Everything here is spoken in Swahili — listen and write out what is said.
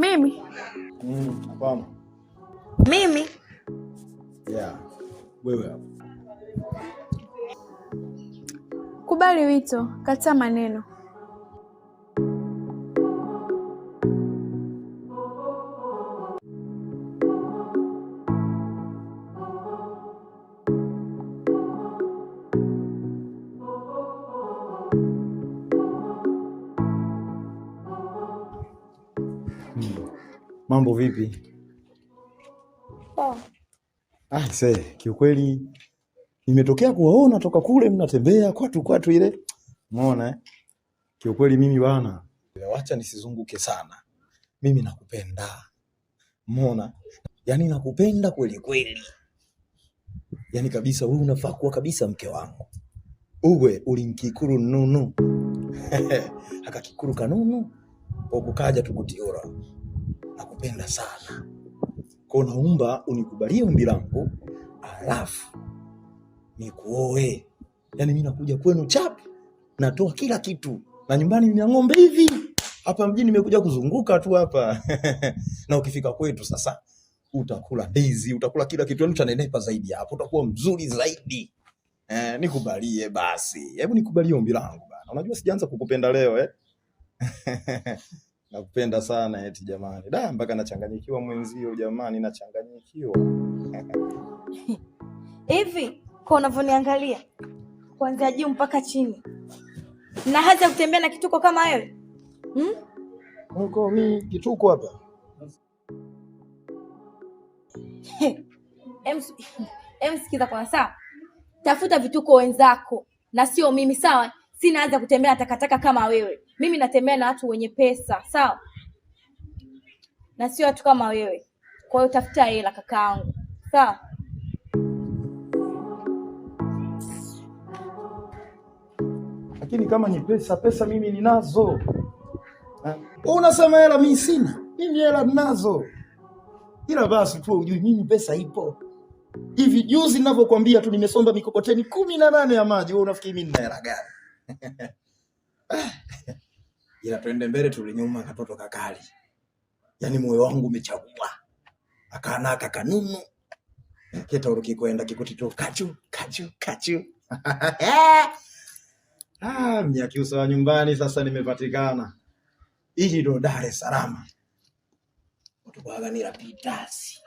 Mimi mm, mimi yeah. Wewe kubali wito, kataa maneno. Mambo vipi? Ah, kiukweli nimetokea kuwaona toka kule mnatembea kwatu kwatu ile. Umeona eh? Kiukweli mimi bwana, wacha nisizunguke sana. Mimi nakupenda. Umeona? Yaani nakupenda kweli kweli. Yaani kabisa wewe unafaa kuwa kabisa mke wangu. Uwe ulinkikuru nunu. Akakikuru kanunu. Okukaja tukutiora nakupenda sana kwao, naomba unikubalie ombi langu, alafu nikuoe. Yaani mi nakuja kwenu chap, natoa kila kitu, na nyumbani nina ng'ombe hivi hapa mjini, nimekuja kuzunguka tu hapa na ukifika kwetu sasa utakula ndizi, utakula kila kitu, yaani utanenepa zaidi hapo, utakuwa mzuri zaidi. Eh, nikubalie basi, hebu nikubalie ombi langu bana. Unajua sijaanza kukupenda leo eh? Nakupenda sana eti jamani. Da, mpaka nachanganyikiwa mwenzio jamani, nachanganyikiwa. Hivi kwa unavyoniangalia kuanzia juu mpaka chini, na hata kutembea na kituko kama wewe hmm? Ko mi kituko hapa Emsikiza kwa saa tafuta vituko wenzako na sio mimi, sawa? Sinaanza kutembea na takataka kama wewe. Mimi natembea na watu wenye pesa sawa, na sio watu kama wewe. Kwa hiyo tafuta hela kakaangu, sawa? Lakini kama ni pesa, pesa mimi ninazo. Eh? Unasema hela mimi sina, mimi hela ninazo, ila basi tu ujui mimi pesa ipo. Hivi juzi ninavyokuambia tu nimesomba mikokoteni kumi na nane ya maji, wewe unafikiri mimi nina hela gani? Ah ila tuende mbele, tulinyuma katoto kakali. Yani moyo wangu umechagua akana kakanunu kitauru kikwenda kikuti tu kachu kachu kachu ah, mnyakiusa wa nyumbani sasa nimepatikana. Hili ndo Dar es Salaam utukwaganira rapidasi